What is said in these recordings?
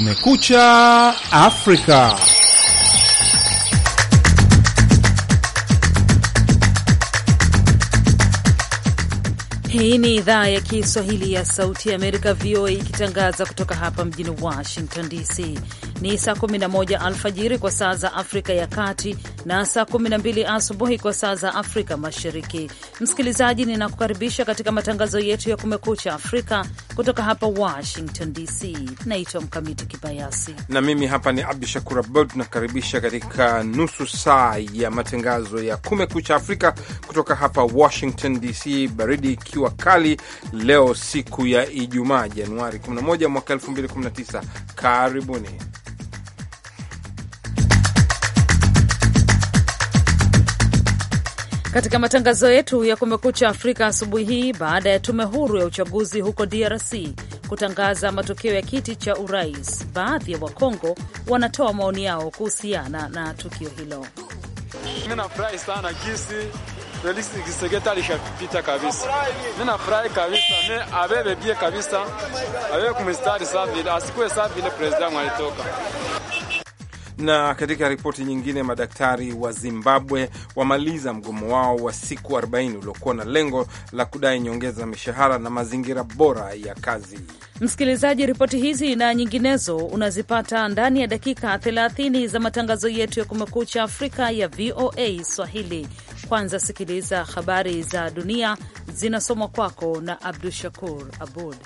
Kumekucha Afrika. Hii ni idhaa ya Kiswahili ya Sauti ya Amerika, VOA, ikitangaza kutoka hapa mjini Washington DC. Ni saa 11 alfajiri kwa saa za Afrika ya Kati na saa 12 asubuhi kwa saa za Afrika Mashariki. Msikilizaji, ninakukaribisha katika matangazo yetu ya Kumekucha Afrika kutoka hapa Washington DC. Naitwa Mkamiti Kibayasi na mimi hapa ni Abdu Shakur Abud. Tunakaribisha katika nusu saa ya matangazo ya Kumekucha Afrika kutoka hapa Washington DC, baridi ikiwa kali leo, siku ya Ijumaa Januari 11 mwaka 2019. Karibuni. Katika matangazo yetu ya Kumekucha Afrika asubuhi hii, baada ya tume huru ya uchaguzi huko DRC kutangaza matokeo ya kiti cha urais, baadhi ya Wakongo wanatoa maoni yao kuhusiana na tukio hilo. nafurahi sana kisi Felix alishapita kabisa. nafurahi kabisa, asikuwe president alitoka na katika ripoti nyingine, madaktari wa Zimbabwe wamaliza mgomo wao wa siku 40 uliokuwa na lengo la kudai nyongeza mishahara na mazingira bora ya kazi. Msikilizaji, ripoti hizi na nyinginezo unazipata ndani ya dakika 30 za matangazo yetu ya Kumekucha Afrika ya VOA Swahili. Kwanza sikiliza habari za dunia zinasomwa kwako na Abdu Shakur Abud.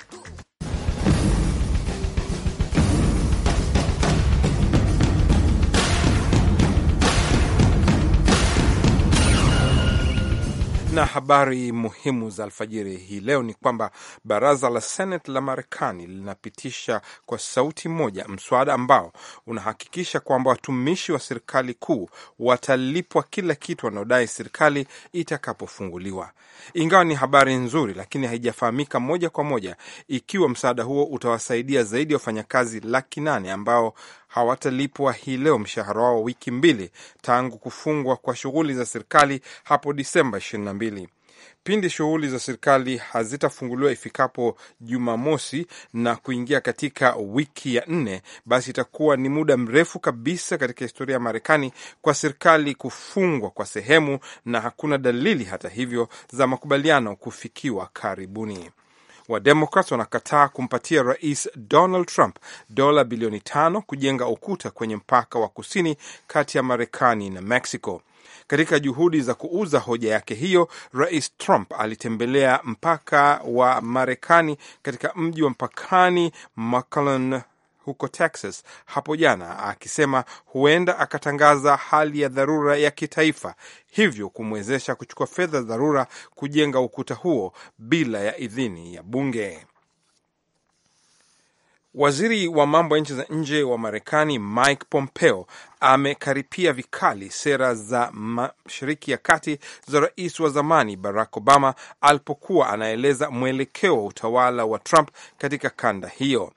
Na habari muhimu za alfajiri hii leo ni kwamba baraza la Senate la Marekani linapitisha kwa sauti moja mswada ambao unahakikisha kwamba watumishi wa serikali kuu watalipwa kila kitu wanaodai serikali itakapofunguliwa. Ingawa ni habari nzuri, lakini haijafahamika moja kwa moja ikiwa msaada huo utawasaidia zaidi ya wafanyakazi laki nane ambao hawatalipwa hii leo mshahara wao wiki mbili tangu kufungwa kwa shughuli za serikali hapo Disemba 22. Pindi shughuli za serikali hazitafunguliwa ifikapo Jumamosi na kuingia katika wiki ya nne, basi itakuwa ni muda mrefu kabisa katika historia ya Marekani kwa serikali kufungwa kwa sehemu, na hakuna dalili hata hivyo za makubaliano kufikiwa karibuni. Wademokrat wanakataa kumpatia Rais Donald Trump dola bilioni tano kujenga ukuta kwenye mpaka wa kusini kati ya Marekani na Mexico. Katika juhudi za kuuza hoja yake hiyo, Rais Trump alitembelea mpaka wa Marekani katika mji wa mpakani McAllen, huko Texas hapo jana, akisema huenda akatangaza hali ya dharura ya kitaifa, hivyo kumwezesha kuchukua fedha za dharura kujenga ukuta huo bila ya idhini ya bunge. Waziri wa mambo ya nchi za nje wa Marekani Mike Pompeo amekaripia vikali sera za Mashariki ya Kati za rais wa zamani Barack Obama alipokuwa anaeleza mwelekeo wa utawala wa Trump katika kanda hiyo.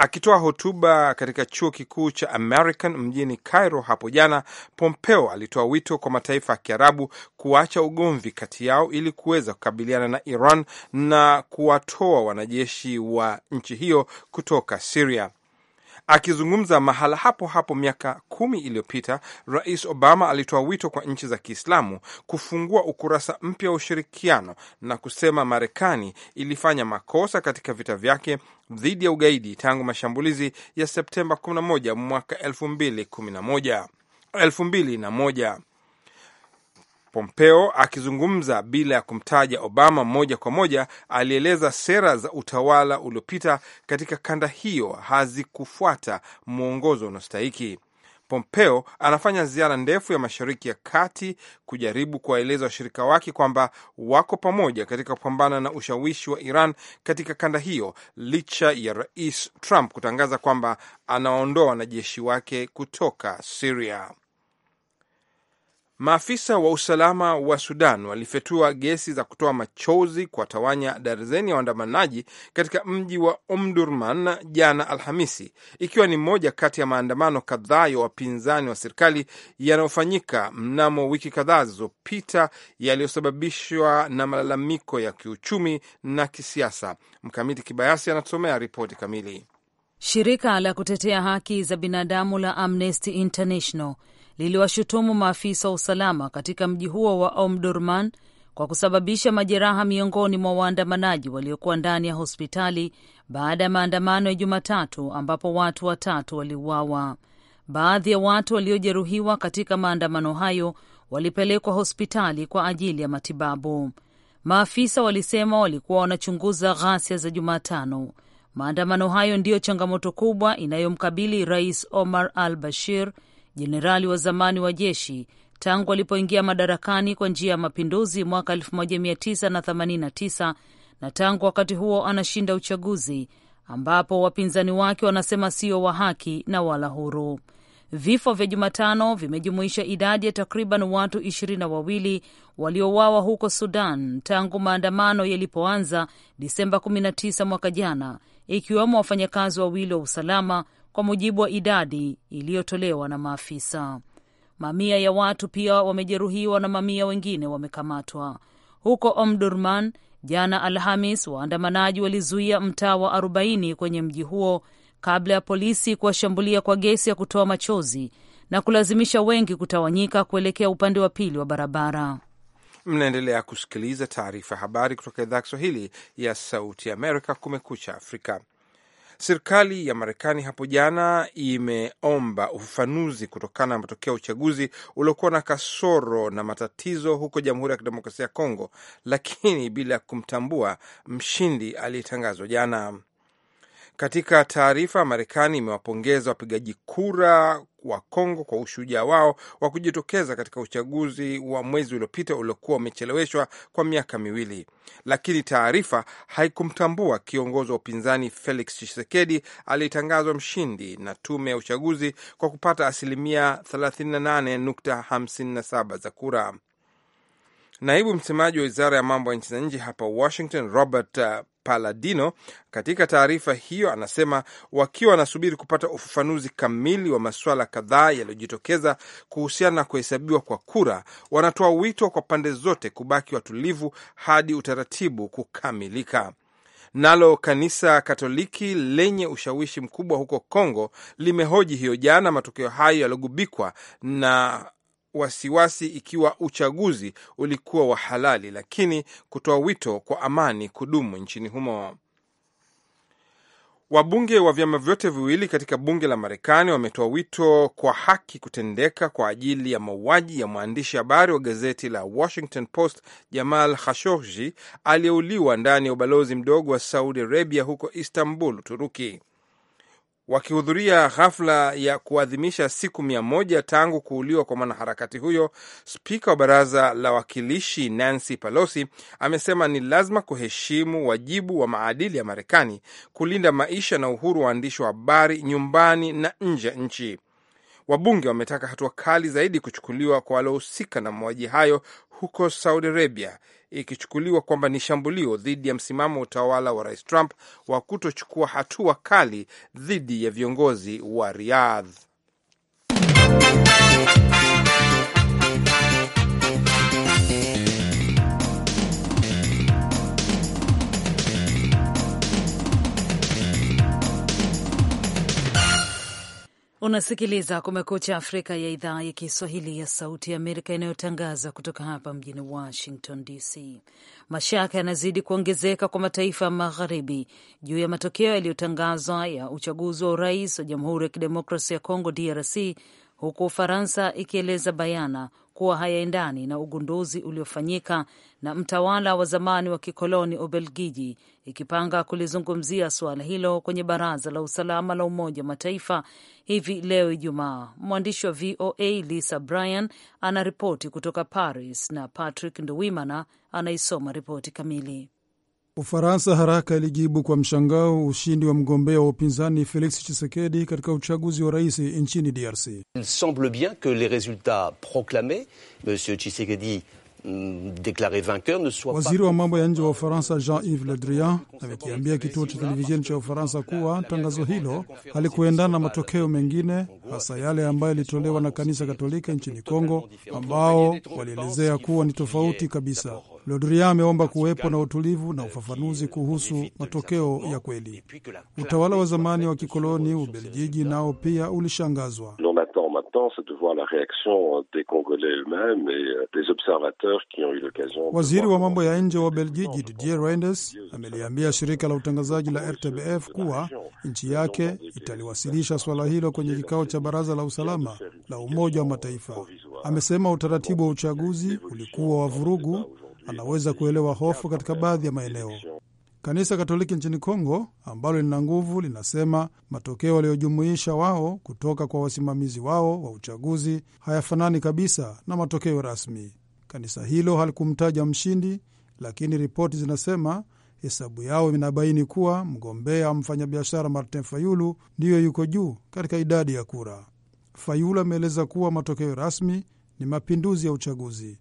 Akitoa hotuba katika chuo kikuu cha American mjini Cairo hapo jana, Pompeo alitoa wito kwa mataifa ya Kiarabu kuacha ugomvi kati yao ili kuweza kukabiliana na Iran na kuwatoa wanajeshi wa nchi hiyo kutoka Siria. Akizungumza mahala hapo hapo miaka kumi iliyopita, Rais Obama alitoa wito kwa nchi za Kiislamu kufungua ukurasa mpya wa ushirikiano na kusema Marekani ilifanya makosa katika vita vyake dhidi ya ugaidi tangu mashambulizi ya Septemba 11 mwaka 2011 Pompeo akizungumza bila ya kumtaja Obama moja kwa moja, alieleza sera za utawala uliopita katika kanda hiyo hazikufuata mwongozo unaostahiki. Pompeo anafanya ziara ndefu ya Mashariki ya Kati kujaribu kuwaeleza washirika wake kwamba wako pamoja katika kupambana na ushawishi wa Iran katika kanda hiyo, licha ya Rais Trump kutangaza kwamba anaondoa wanajeshi wake kutoka Siria. Maafisa wa usalama wa Sudan walifyatua gesi za kutoa machozi kuwatawanya darzeni ya waandamanaji katika mji wa Omdurman jana Alhamisi, ikiwa ni moja kati ya maandamano kadhaa ya wapinzani wa serikali yanayofanyika mnamo wiki kadhaa zilizopita yaliyosababishwa na malalamiko ya kiuchumi na kisiasa. Mkamiti Kibayasi anatusomea ripoti kamili. Shirika la kutetea haki za binadamu la Amnesty International liliwashutumu maafisa wa usalama katika mji huo wa Omdurman kwa kusababisha majeraha miongoni mwa waandamanaji waliokuwa ndani ya hospitali baada ya maandamano ya Jumatatu ambapo watu watatu waliuawa. Baadhi ya watu waliojeruhiwa katika maandamano hayo walipelekwa hospitali kwa ajili ya matibabu. Maafisa walisema walikuwa wanachunguza ghasia za Jumatano. Maandamano hayo ndiyo changamoto kubwa inayomkabili Rais Omar al Bashir jenerali wa zamani wa jeshi tangu alipoingia madarakani kwa njia ya mapinduzi mwaka 1989 na tangu wakati huo anashinda uchaguzi ambapo wapinzani wake wanasema sio wa haki na wala huru. Vifo vya Jumatano vimejumuisha idadi ya takriban watu ishirini na wawili waliowawa huko Sudan tangu maandamano yalipoanza Disemba 19 mwaka jana, ikiwemo wafanyakazi wawili wa usalama kwa mujibu wa idadi iliyotolewa na maafisa. Mamia ya watu pia wamejeruhiwa na mamia wengine wamekamatwa huko Omdurman. Jana Alhamis, waandamanaji walizuia mtaa wa 40 kwenye mji huo kabla ya polisi kuwashambulia kwa gesi ya kutoa machozi na kulazimisha wengi kutawanyika kuelekea upande wa pili wa barabara. Mnaendelea kusikiliza taarifa ya habari kutoka idhaa ya Kiswahili ya Sauti Amerika, Kumekucha Afrika. Serikali ya Marekani hapo jana imeomba ufafanuzi kutokana na matokeo ya uchaguzi uliokuwa na kasoro na matatizo huko Jamhuri ya Kidemokrasia ya Kongo, lakini bila kumtambua mshindi aliyetangazwa jana. Katika taarifa, Marekani imewapongeza wapigaji kura wa Kongo kwa ushujaa wao wa kujitokeza katika uchaguzi wa mwezi uliopita uliokuwa umecheleweshwa kwa miaka miwili, lakini taarifa haikumtambua kiongozi wa upinzani Felix Tshisekedi aliyetangazwa mshindi na tume ya uchaguzi kwa kupata asilimia 38.57 za kura. Naibu msemaji wa wizara ya mambo ya nchi za nje hapa Washington, Robert uh, Paladino katika taarifa hiyo anasema wakiwa wanasubiri kupata ufafanuzi kamili wa masuala kadhaa yaliyojitokeza kuhusiana na kuhesabiwa kwa kura, wanatoa wito kwa pande zote kubaki watulivu hadi utaratibu kukamilika. Nalo kanisa Katoliki lenye ushawishi mkubwa huko Kongo limehoji hiyo jana matokeo hayo yaliyogubikwa na wasiwasi ikiwa uchaguzi ulikuwa wa halali, lakini kutoa wito kwa amani kudumu nchini humo. Wabunge wa vyama vyote viwili katika bunge la Marekani wametoa wito kwa haki kutendeka kwa ajili ya mauaji ya mwandishi habari wa gazeti la Washington Post Jamal Khashoggi aliyeuliwa ndani ya ubalozi mdogo wa Saudi Arabia huko Istanbul, Uturuki. Wakihudhuria hafla ya kuadhimisha siku mia moja tangu kuuliwa kwa mwanaharakati huyo, spika wa baraza la wawakilishi Nancy Pelosi amesema ni lazima kuheshimu wajibu wa maadili ya Marekani kulinda maisha na uhuru wa waandishi wa habari nyumbani na nje ya nchi. Wabunge wametaka hatua kali zaidi kuchukuliwa kwa waliohusika na mauaji hayo huko Saudi Arabia, ikichukuliwa kwamba ni shambulio dhidi ya msimamo wa utawala wa Rais Trump wa kutochukua hatua kali dhidi ya viongozi wa Riyadh. Unasikiliza Kumekucha Afrika ya idhaa ya Kiswahili ya Sauti ya Amerika inayotangaza kutoka hapa mjini Washington DC. Mashaka yanazidi kuongezeka kwa mataifa ya magharibi juu ya matokeo yaliyotangazwa ya uchaguzi wa urais wa Jamhuri ya Kidemokrasia ya Kongo, DRC, huku Ufaransa ikieleza bayana kuwa hayaendani na ugunduzi uliofanyika na mtawala wa zamani wa kikoloni Ubelgiji ikipanga kulizungumzia suala hilo kwenye Baraza la Usalama la Umoja wa Mataifa hivi leo Ijumaa. Mwandishi wa VOA Lisa Bryan anaripoti kutoka Paris na Patrick Nduwimana anaisoma ripoti kamili. Ufaransa haraka ilijibu kwa mshangao ushindi wa mgombea wa upinzani Felix chisekedi katika uchaguzi wa rais nchini DRC. Il semble bien que les resultats proclames monsieur chisekedi déclaré vainqueur ne soit Waziri wa mambo ya nje wa Ufaransa Jean-Yves Le Drian amekiambia kituo cha televisheni cha Ufaransa kuwa tangazo hilo halikuendana na matokeo mengine, hasa yale ambayo yalitolewa na kanisa Katolika nchini Kongo, ambao walielezea kuwa ni tofauti kabisa. Lodria ameomba kuwepo na utulivu na ufafanuzi kuhusu matokeo ya kweli. Utawala wa zamani wa kikoloni Ubelgiji nao pia ulishangazwa. Euh, Waziri wa mambo ya nje wa Ubelgiji Didier Reynders ameliambia shirika la utangazaji la RTBF kuwa nchi yake italiwasilisha suala hilo kwenye kikao cha Baraza la Usalama la Umoja wa Mataifa. Amesema utaratibu wa uchaguzi ulikuwa wa vurugu anaweza kuelewa hofu katika baadhi ya maeneo. Kanisa Katoliki nchini Kongo ambalo lina nguvu linasema matokeo waliyojumuisha wao kutoka kwa wasimamizi wao wa uchaguzi hayafanani kabisa na matokeo rasmi. Kanisa hilo halikumtaja mshindi, lakini ripoti zinasema hesabu yao inabaini kuwa mgombea mfanyabiashara Martin Fayulu ndiyo yuko juu katika idadi ya kura. Fayulu ameeleza kuwa matokeo rasmi ni mapinduzi ya uchaguzi.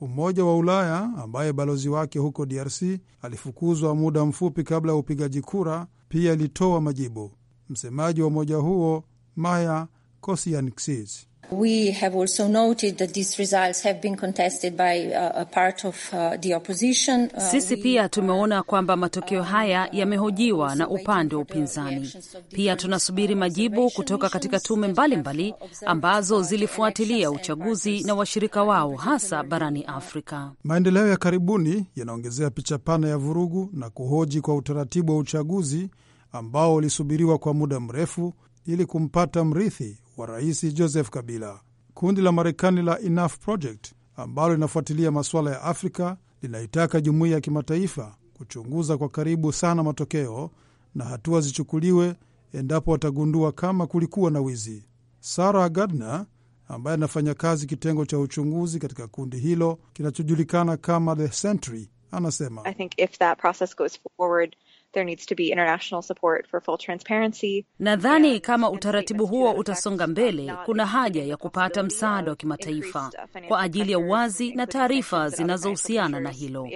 Umoja wa Ulaya ambaye balozi wake huko DRC alifukuzwa muda mfupi kabla ya upigaji kura pia ilitoa majibu. Msemaji wa umoja huo Maya Kosianxis We have also noted that these results have been contested by uh, a part of uh, the opposition. Uh, Sisi pia tumeona kwamba matokeo haya yamehojiwa na upande wa upinzani. Pia tunasubiri majibu kutoka katika tume mbalimbali mbali ambazo zilifuatilia uchaguzi na washirika wao hasa barani Afrika. Maendeleo ya karibuni yanaongezea picha pana ya vurugu na kuhoji kwa utaratibu wa uchaguzi ambao ulisubiriwa kwa muda mrefu ili kumpata mrithi wa Rais Joseph Kabila. Kundi la Marekani la Enough Project ambalo linafuatilia masuala ya Afrika linaitaka jumuiya ya kimataifa kuchunguza kwa karibu sana matokeo na hatua zichukuliwe endapo watagundua kama kulikuwa na wizi. Sarah Gardner ambaye anafanya kazi kitengo cha uchunguzi katika kundi hilo kinachojulikana kama The Sentry anasema, I think if that process goes forward, There needs to be international support for full transparency. Nadhani kama utaratibu huo utasonga mbele, kuna haja ya kupata msaada wa kimataifa uh, kwa ajili ya uwazi na taarifa zinazohusiana na hilo,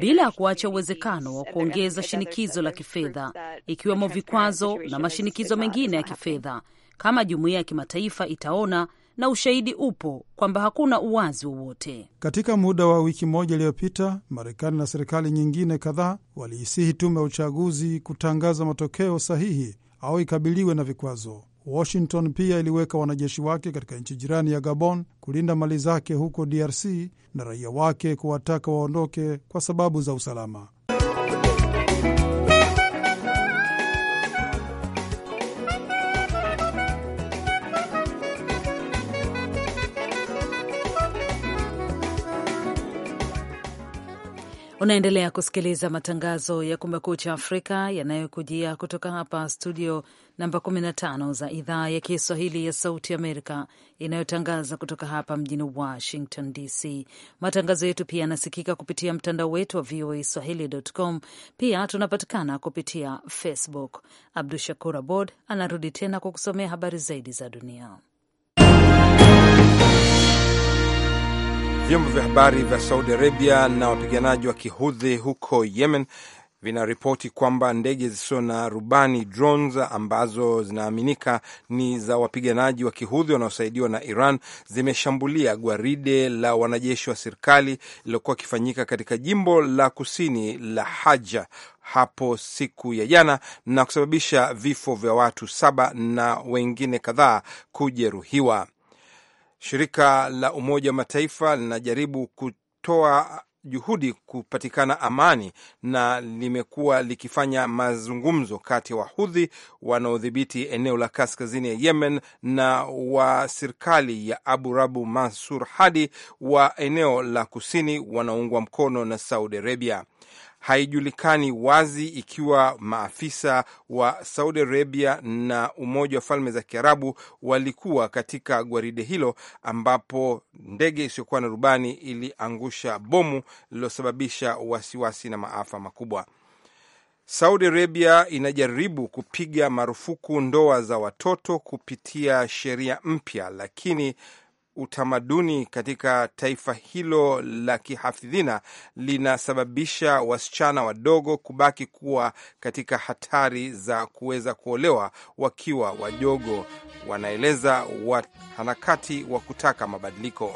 bila ya kuacha uwezekano wa kuongeza shinikizo la kifedha, ikiwemo vikwazo na mashinikizo mengine ya kifedha, kama jumuiya ya kimataifa itaona na ushahidi upo kwamba hakuna uwazi wowote. Katika muda wa wiki moja iliyopita, Marekani na serikali nyingine kadhaa waliisihi tume ya uchaguzi kutangaza matokeo sahihi au ikabiliwe na vikwazo. Washington pia iliweka wanajeshi wake katika nchi jirani ya Gabon kulinda mali zake huko DRC na raia wake kuwataka waondoke kwa sababu za usalama. Unaendelea kusikiliza matangazo ya Kumekucha Afrika yanayokujia kutoka hapa studio namba 15 za idhaa ya Kiswahili ya Sauti Amerika inayotangaza kutoka hapa mjini Washington DC. Matangazo yetu pia yanasikika kupitia mtandao wetu wa VOA Swahili.com. Pia tunapatikana kupitia Facebook. Abdu Shakur Abod anarudi tena kwa kusomea habari zaidi za dunia. Vyombo vya habari vya Saudi Arabia na wapiganaji wa kihudhi huko Yemen vinaripoti kwamba ndege zisizo na rubani drones ambazo zinaaminika ni za wapiganaji wa kihudhi wanaosaidiwa na Iran zimeshambulia gwaride la wanajeshi wa serikali lililokuwa ikifanyika katika jimbo la kusini la Haja hapo siku ya jana na kusababisha vifo vya watu saba na wengine kadhaa kujeruhiwa. Shirika la Umoja wa Mataifa linajaribu kutoa juhudi kupatikana amani na limekuwa likifanya mazungumzo kati ya wahudhi wanaodhibiti eneo la kaskazini ya Yemen na wa serikali ya Abu Rabu Mansur Hadi wa eneo la kusini wanaoungwa mkono na Saudi Arabia haijulikani wazi ikiwa maafisa wa Saudi Arabia na Umoja wa Falme za Kiarabu walikuwa katika gwaride hilo ambapo ndege isiyokuwa na rubani iliangusha bomu lililosababisha wasiwasi na maafa makubwa. Saudi Arabia inajaribu kupiga marufuku ndoa za watoto kupitia sheria mpya, lakini utamaduni katika taifa hilo la kihafidhina linasababisha wasichana wadogo kubaki kuwa katika hatari za kuweza kuolewa wakiwa wadogo, wanaeleza wanaharakati wa kutaka mabadiliko.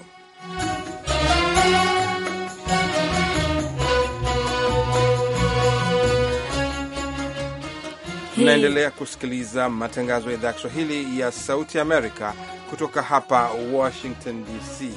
Tunaendelea kusikiliza matangazo ya idhaa ya Kiswahili ya Sauti Amerika kutoka hapa Washington DC.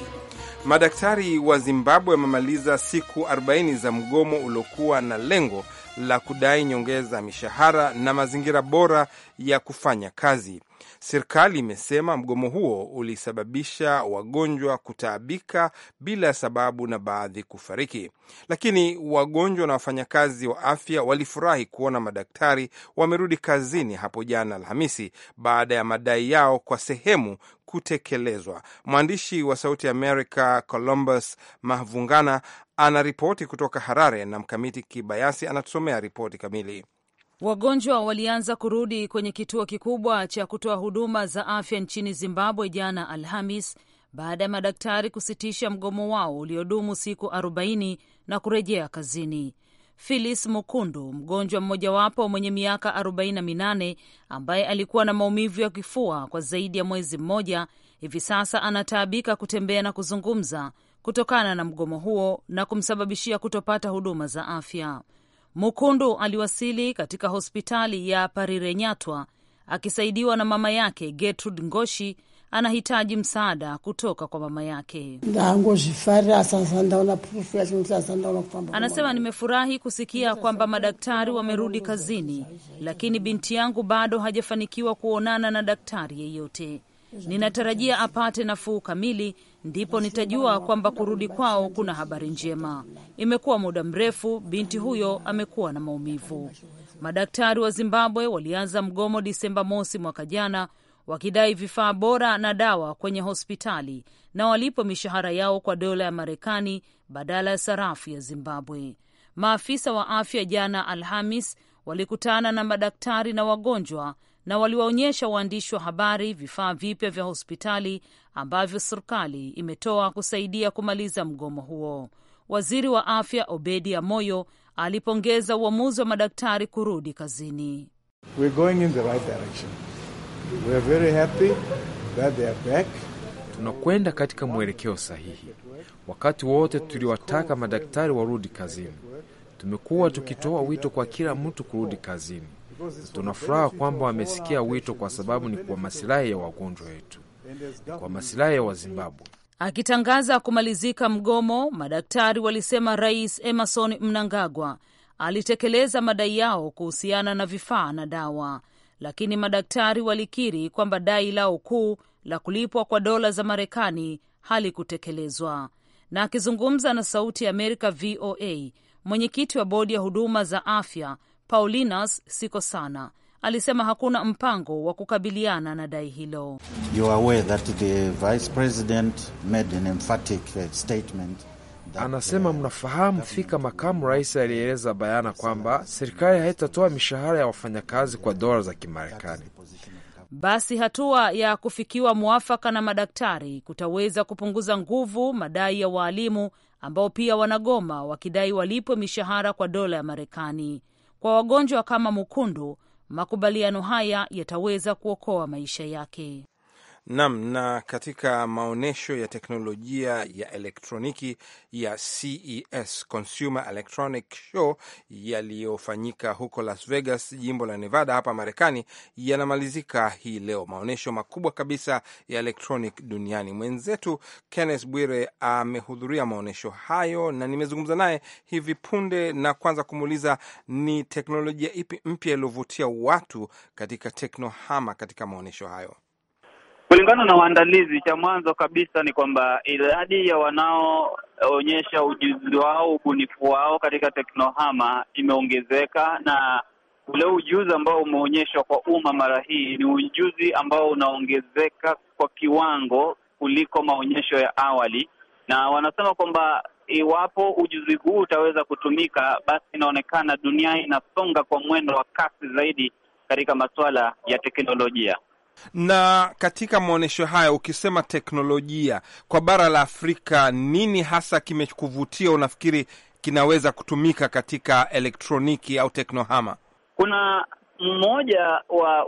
Madaktari wa Zimbabwe wamemaliza siku 40 za mgomo uliokuwa na lengo la kudai nyongeza mishahara na mazingira bora ya kufanya kazi. Serikali imesema mgomo huo ulisababisha wagonjwa kutaabika bila sababu na baadhi kufariki, lakini wagonjwa na wafanyakazi wa afya walifurahi kuona madaktari wamerudi kazini hapo jana Alhamisi baada ya madai yao kwa sehemu kutekelezwa. Mwandishi wa Sauti America Columbus mavungana anaripoti kutoka Harare na Mkamiti Kibayasi anatusomea ripoti kamili. Wagonjwa walianza kurudi kwenye kituo kikubwa cha kutoa huduma za afya nchini Zimbabwe jana Alhamis baada ya madaktari kusitisha mgomo wao uliodumu siku 40 na kurejea kazini. Phyllis Mukundu, mgonjwa mmojawapo mwenye miaka 48 ambaye alikuwa na maumivu ya kifua kwa zaidi ya mwezi mmoja, hivi sasa anataabika kutembea na kuzungumza kutokana na mgomo huo na kumsababishia kutopata huduma za afya. Mukundu aliwasili katika hospitali ya Parirenyatwa akisaidiwa na mama yake Gertrude Ngoshi anahitaji msaada kutoka kwa mama yake. Anasema, nimefurahi kusikia kwamba madaktari wamerudi kazini, lakini binti yangu bado hajafanikiwa kuonana na daktari yeyote. Ninatarajia apate nafuu kamili, ndipo nitajua kwamba kurudi kwao kuna habari njema. Imekuwa muda mrefu binti huyo amekuwa na maumivu. Madaktari wa Zimbabwe walianza mgomo Disemba mosi mwaka jana wakidai vifaa bora na dawa kwenye hospitali na walipo mishahara yao kwa dola ya Marekani badala ya sarafu ya Zimbabwe. Maafisa wa afya jana Alhamis walikutana na madaktari na wagonjwa na waliwaonyesha waandishi wa habari vifaa vipya vya hospitali ambavyo serikali imetoa kusaidia kumaliza mgomo huo. Waziri wa afya Obedi Amoyo alipongeza uamuzi wa madaktari kurudi kazini. We're going in the right direction. Tunakwenda katika mwelekeo sahihi. Wakati wote tuliwataka madaktari warudi kazini. Tumekuwa tukitoa wito kwa kila mtu kurudi kazini. Tunafuraha kwamba wamesikia wito, kwa sababu ni kwa masilahi ya wagonjwa wetu, kwa masilahi ya Wazimbabwe. Akitangaza kumalizika mgomo, madaktari walisema Rais Emerson Mnangagwa alitekeleza madai yao kuhusiana na vifaa na dawa lakini madaktari walikiri kwamba dai lao kuu la kulipwa kwa dola za Marekani halikutekelezwa. Na akizungumza na Sauti ya Amerika VOA, mwenyekiti wa bodi ya huduma za afya Paulinas sana alisema hakuna mpango wa kukabiliana na dai hilo. Anasema mnafahamu fika makamu rais alieleza bayana kwamba serikali haitatoa mishahara ya wafanyakazi kwa dola za Kimarekani. Basi hatua ya kufikiwa mwafaka na madaktari kutaweza kupunguza nguvu madai ya waalimu ambao pia wanagoma wakidai walipwe mishahara kwa dola ya Marekani. Kwa wagonjwa kama Mukundu, makubaliano haya yataweza kuokoa maisha yake. Nam, na katika maonyesho ya teknolojia ya elektroniki ya CES, Consumer Electronic Show, yaliyofanyika huko Las Vegas, jimbo la Nevada, hapa Marekani, yanamalizika hii leo. Maonyesho makubwa kabisa ya electronic duniani. Mwenzetu Kenneth Bwire amehudhuria maonyesho hayo na nimezungumza naye hivi punde, na kwanza kumuuliza ni teknolojia ipi mpya iliyovutia watu katika teknohama katika maonyesho hayo. Kulingana na waandalizi, cha mwanzo kabisa ni kwamba idadi ya wanaoonyesha ujuzi wao, ubunifu wao katika teknohama imeongezeka, na ule ujuzi ambao umeonyeshwa kwa umma mara hii ni ujuzi ambao unaongezeka kwa kiwango kuliko maonyesho ya awali, na wanasema kwamba iwapo ujuzi huu utaweza kutumika, basi inaonekana dunia inasonga kwa mwendo wa kasi zaidi katika masuala ya teknolojia. Na katika maonyesho haya, ukisema teknolojia kwa bara la Afrika, nini hasa kimekuvutia, unafikiri kinaweza kutumika katika elektroniki au teknohama? Kuna mmoja wa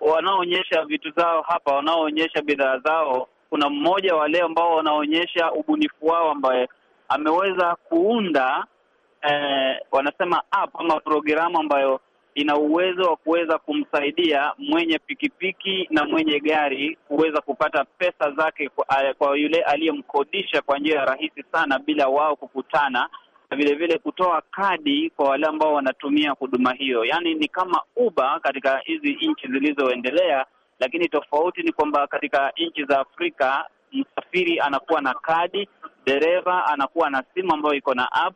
wanaoonyesha wa vitu zao hapa, wanaoonyesha bidhaa zao. Kuna mmoja wale ambao wanaonyesha ubunifu wao ambaye ameweza kuunda eh, wanasema app ama programu ambayo ina uwezo wa kuweza kumsaidia mwenye pikipiki na mwenye gari kuweza kupata pesa zake kwa, eh, kwa yule aliyemkodisha kwa njia ya rahisi sana bila wao kukutana na vile vile kutoa kadi kwa wale ambao wanatumia huduma hiyo. Yaani ni kama Uber katika hizi nchi zilizoendelea, lakini tofauti ni kwamba katika nchi za Afrika msafiri anakuwa na kadi, dereva anakuwa na simu ambayo iko na app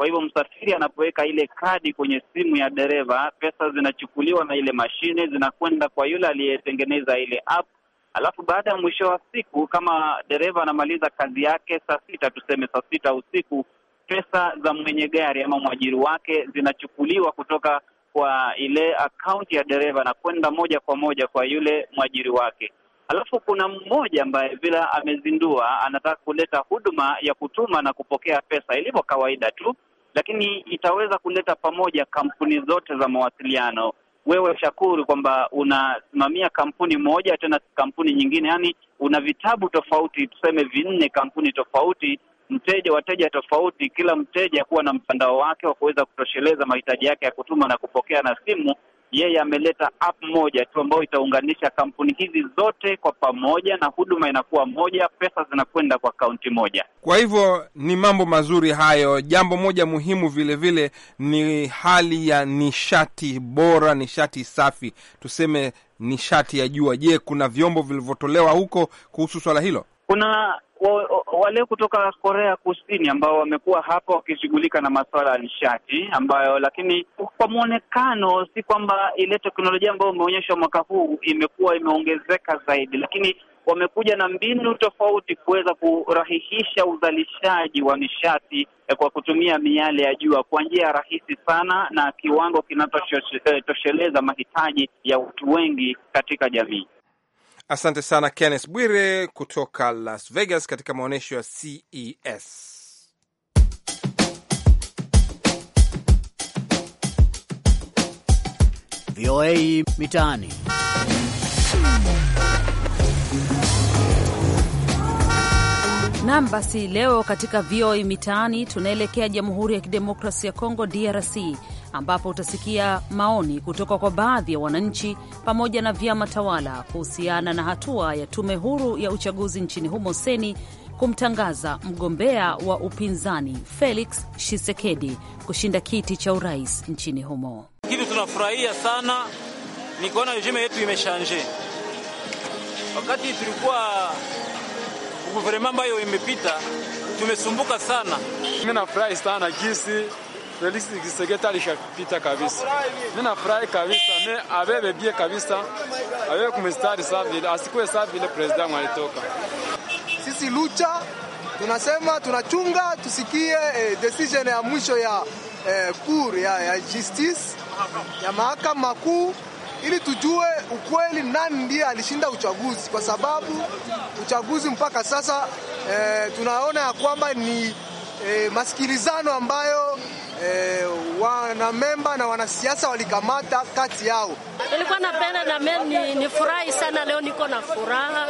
kwa hivyo msafiri anapoweka ile kadi kwenye simu ya dereva, pesa zinachukuliwa na ile mashine zinakwenda kwa yule aliyetengeneza ile app. Alafu baada ya mwisho wa siku, kama dereva anamaliza kazi yake saa sita, tuseme saa sita usiku, pesa za mwenye gari ama mwajiri wake zinachukuliwa kutoka kwa ile akaunti ya dereva na kwenda moja kwa moja kwa yule mwajiri wake. Alafu kuna mmoja ambaye vile amezindua, anataka kuleta huduma ya kutuma na kupokea pesa ilivyo kawaida tu lakini itaweza kuleta pamoja kampuni zote za mawasiliano. Wewe Shakuru, kwamba unasimamia kampuni moja tena kampuni nyingine, yani una vitabu tofauti, tuseme vinne, kampuni tofauti, mteja wateja tofauti, kila mteja kuwa na mtandao wake wa kuweza kutosheleza mahitaji yake ya kutuma na kupokea na simu yeye ameleta app moja tu ambayo itaunganisha kampuni hizi zote kwa pamoja, na huduma inakuwa moja, pesa zinakwenda kwa kaunti moja. Kwa hivyo ni mambo mazuri hayo. Jambo moja muhimu vile vile ni hali ya nishati bora, nishati safi, tuseme nishati ya jua. Je, kuna vyombo vilivyotolewa huko kuhusu swala hilo? Kuna wale kutoka Korea Kusini ambao wamekuwa hapa wakishughulika na masuala ya nishati ambayo, lakini kwa mwonekano, si kwamba ile teknolojia ambayo umeonyeshwa mwaka huu imekuwa imeongezeka zaidi, lakini wamekuja na mbinu tofauti kuweza kurahihisha uzalishaji wa nishati eh, kwa kutumia miale ya jua kwa njia rahisi sana na kiwango kinachotosheleza eh, mahitaji ya watu wengi katika jamii. Asante sana Kenneth Bwire kutoka Las Vegas katika maonyesho ya CES. VOA Mitaani. Nam, basi leo katika VOA Mitaani tunaelekea Jamhuri ya Kidemokrasia ya Kongo, DRC, ambapo utasikia maoni kutoka kwa baadhi ya wananchi pamoja na vyama tawala kuhusiana na hatua ya tume huru ya uchaguzi nchini humo seni kumtangaza mgombea wa upinzani Felix Tshisekedi kushinda kiti cha urais nchini humo. Kitu tunafurahia sana ni kuona rejime yetu imeshanje. Wakati tulikuwa guvernema ambayo imepita tumesumbuka sana. Mi nafurahi sana kisi Felix Kisegeta alishapita kabisa. Mimi nafurahi kabisa, mimi abebe bie kabisa, abebe kumstari sawa vile, asikuwe sawa president alitoka. Sisi Lucha tunasema tunachunga tusikie eh, decision ya mwisho ya eh, cour ya, ya justice ya mahakama kuu ili tujue ukweli nani ndiye alishinda uchaguzi, kwa sababu uchaguzi mpaka sasa eh, tunaona ya kwamba ni e, masikilizano ambayo e, wanamemba na wanasiasa walikamata kati yao. Nilikuwa napenda na mimi ni furahi sana leo, niko na furaha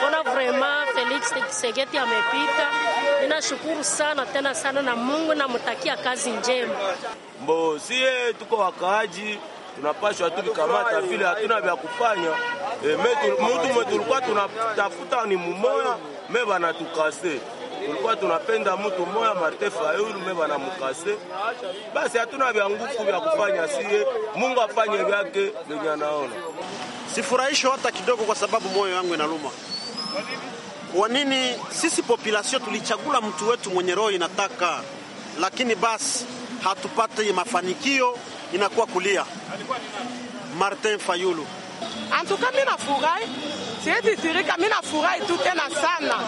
kona vrema Felix Tshisekedi amepita. Ninashukuru sana tena sana na Mungu namtakia kazi njema. Mbo sie tuko wakaaji tunapashwa tulikamata vile hatuna vya kufanya e, mtu mwetu tulikuwa tunatafuta ni mumoya me banatukase tulikuwa tunapenda mtu moya Martin Fayulu mebana mukase basi, hatuna vya nguvu vya kufanya siye Mungu afanye vyake venye anaona. Sifurahishwa hata kidogo, kwa sababu moyo wangu inaluma. Kwa nini sisi population tulichagula mtu wetu mwenye roho inataka, lakini basi hatupate mafanikio, inakuwa kulia Martin Fayulu antuka, mimi nafurahi siwezi tirika, mi nafurahi tu tena sana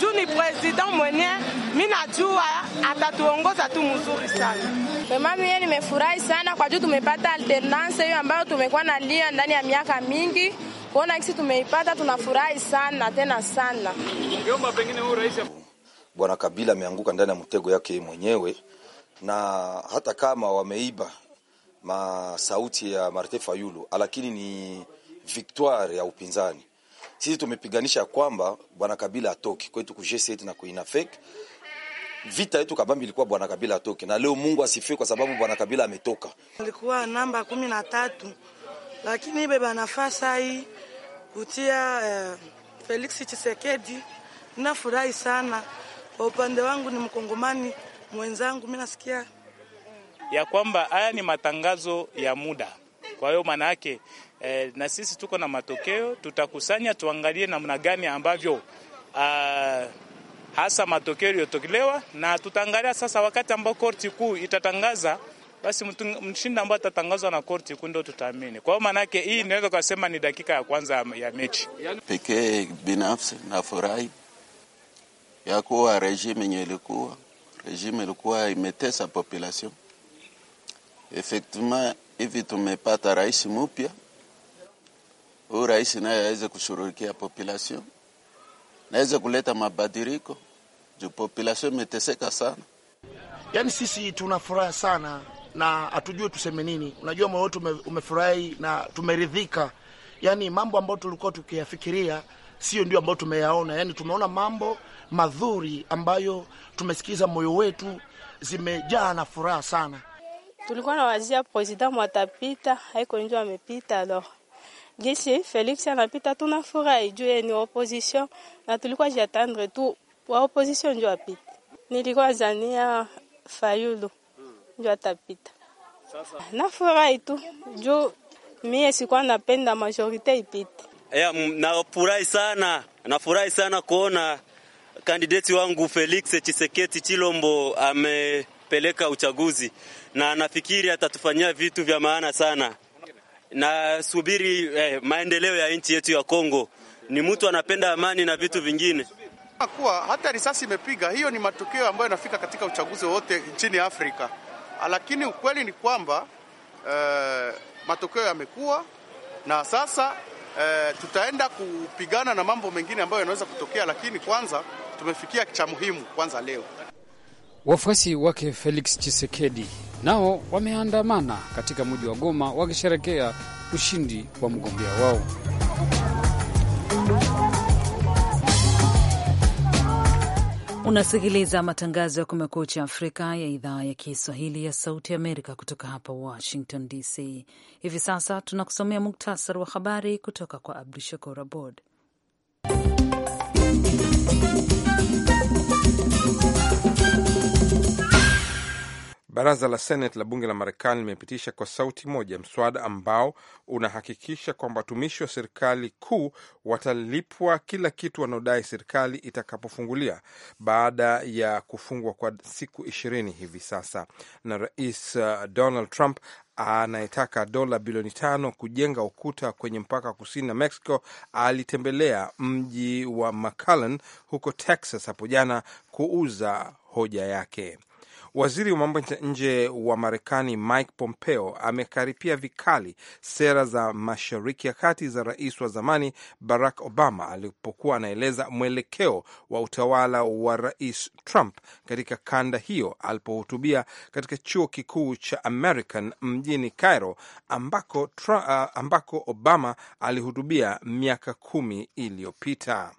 juu ni president mwenye mi najua atatuongoza tu mzuri sana. Mama mie nimefurahi sana kwa juu tumepata alternance hiyo ambayo tumekuwa nalia ndani ya miaka mingi kuona kisi tumeipata, tunafurahi sana tena sana. Ungeomba pengine huyu rais Bwana Kabila ameanguka ndani ya mtego yake mwenyewe, na hata kama wameiba masauti ya Martin Fayulu, lakini ni victoire ya upinzani sisi tumepiganisha kwamba bwana Kabila atoki kwetu ku G7 na ku INAFEC. Vita yetu kabambi ilikuwa bwana Kabila atoke, na leo Mungu asifiwe kwa sababu bwana Kabila ametoka. Alikuwa namba kumi na tatu, lakini ibeba nafasi hii kutia eh, Felix Chisekedi. Nafurahi sana kwa upande wangu, ni mkongomani mwenzangu, mimi nasikia ya kwamba haya ni matangazo ya muda. Kwa hiyo maana yake e, na sisi tuko na matokeo, tutakusanya tuangalie namna gani ambavyo a, ah, hasa matokeo yaliyotolewa, na tutaangalia sasa wakati ambao korti kuu itatangaza basi mshindi ambaye atatangazwa na korti kuu ndio tutaamini. Kwa hiyo maanake hii inaweza kusema ni dakika ya kwanza ya mechi pekee. Binafsi na furahi ya kuwa regime yenye ilikuwa regime ilikuwa imetesa population. Effectivement hivi tumepata rais mpya huyu rais naye aweze kushughulikia population naweze kuleta mabadiliko juu population imeteseka sana. Yaani sisi tuna furaha sana na hatujui tuseme nini. Unajua, moyo wetu umefurahi na tumeridhika. Yaani mambo ambayo tulikuwa tukiyafikiria sio ndio ambayo tumeyaona. Yaani tumeona mambo madhuri ambayo tumesikiza, moyo wetu zimejaa na furaha sana. Tulikuwa na wazia president mwatapita, haiko ndio amepita alo jeshi Felix anapita, tuna furahi juu yeye ni opposition na tulikuwa jatandre tu wa opposition ndio apite. Nilikuwa zania Fayulu ndio atapita. Sasa na furahi tu juu mie sikuwa napenda majorite ipite. Yeah, nafurahi sana, nafurahi sana kuona kandideti wangu Felix Chiseketi Chilombo amepeleka uchaguzi na nafikiri atatufanyia vitu vya maana sana nasubiri eh, maendeleo ya nchi yetu ya Kongo. Ni mtu anapenda amani na vitu vingine kuwa hata risasi imepiga. Hiyo ni matukio ambayo yanafika katika uchaguzi wote nchini Afrika, lakini ukweli ni kwamba eh, matokeo yamekuwa na sasa eh, tutaenda kupigana na mambo mengine ambayo yanaweza kutokea, lakini kwanza tumefikia cha muhimu kwanza leo. Wafuasi wake Felix chisekedi nao wameandamana katika mji wa Goma wakisherekea ushindi wa mgombea wao. Unasikiliza matangazo ya Kumekucha Afrika ya idhaa ya Kiswahili ya Sauti Amerika kutoka hapa Washington DC. Hivi sasa tunakusomea muktasari wa habari kutoka kwa Abdu Shakur Abod. Baraza la Senate la bunge la Marekani limepitisha kwa sauti moja mswada ambao unahakikisha kwamba watumishi wa serikali kuu watalipwa kila kitu wanaodai serikali itakapofungulia baada ya kufungwa kwa siku ishirini hivi sasa. Na Rais uh, Donald Trump anayetaka dola bilioni tano kujenga ukuta kwenye mpaka wa kusini na Mexico alitembelea mji wa McAllen huko Texas hapo jana kuuza hoja yake. Waziri wa mambo ya nje wa Marekani Mike Pompeo amekaripia vikali sera za Mashariki ya Kati za rais wa zamani Barack Obama alipokuwa anaeleza mwelekeo wa utawala wa Rais Trump katika kanda hiyo alipohutubia katika chuo kikuu cha American mjini Cairo ambako, ambako Obama alihutubia miaka kumi iliyopita.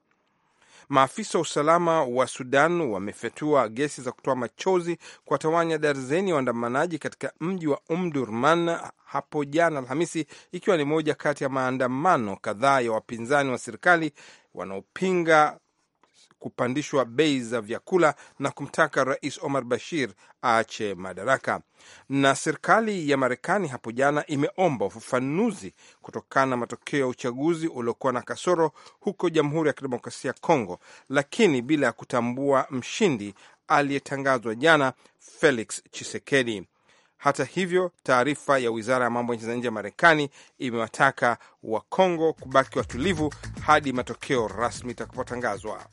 Maafisa wa usalama wa Sudan wamefyatua gesi za kutoa machozi kuwatawanya darzeni ya waandamanaji katika mji wa Umdurman hapo jana Alhamisi, ikiwa ni moja kati ya maandamano kadhaa ya wapinzani wa serikali wanaopinga kupandishwa bei za vyakula na kumtaka Rais Omar Bashir aache madaraka. Na serikali ya Marekani hapo jana imeomba ufafanuzi kutokana na matokeo ya uchaguzi uliokuwa na kasoro huko Jamhuri ya Kidemokrasia ya Kongo, lakini bila ya kutambua mshindi aliyetangazwa jana, Felix Chisekedi. Hata hivyo, taarifa ya wizara ya mambo ya nchi za nje ya Marekani imewataka Wakongo kubaki watulivu hadi matokeo rasmi itakapotangazwa.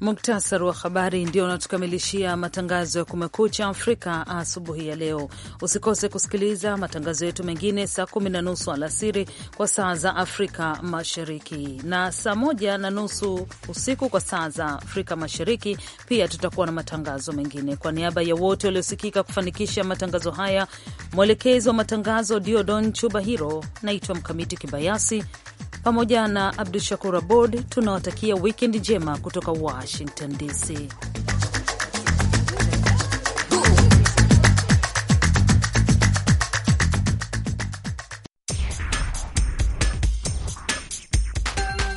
Muktasari wa habari ndio unatukamilishia matangazo ya Kumekucha Afrika asubuhi ya leo. Usikose kusikiliza matangazo yetu mengine saa kumi na nusu alasiri kwa saa za Afrika Mashariki na saa moja na nusu usiku kwa saa za Afrika Mashariki. Pia tutakuwa na matangazo mengine. Kwa niaba ya wote waliosikika kufanikisha matangazo haya, mwelekezi wa matangazo Diodon Chubahiro, naitwa Mkamiti Kibayasi pamoja na Abdu Shakur Abod. Tunawatakia wikend njema kutoka Washington DC.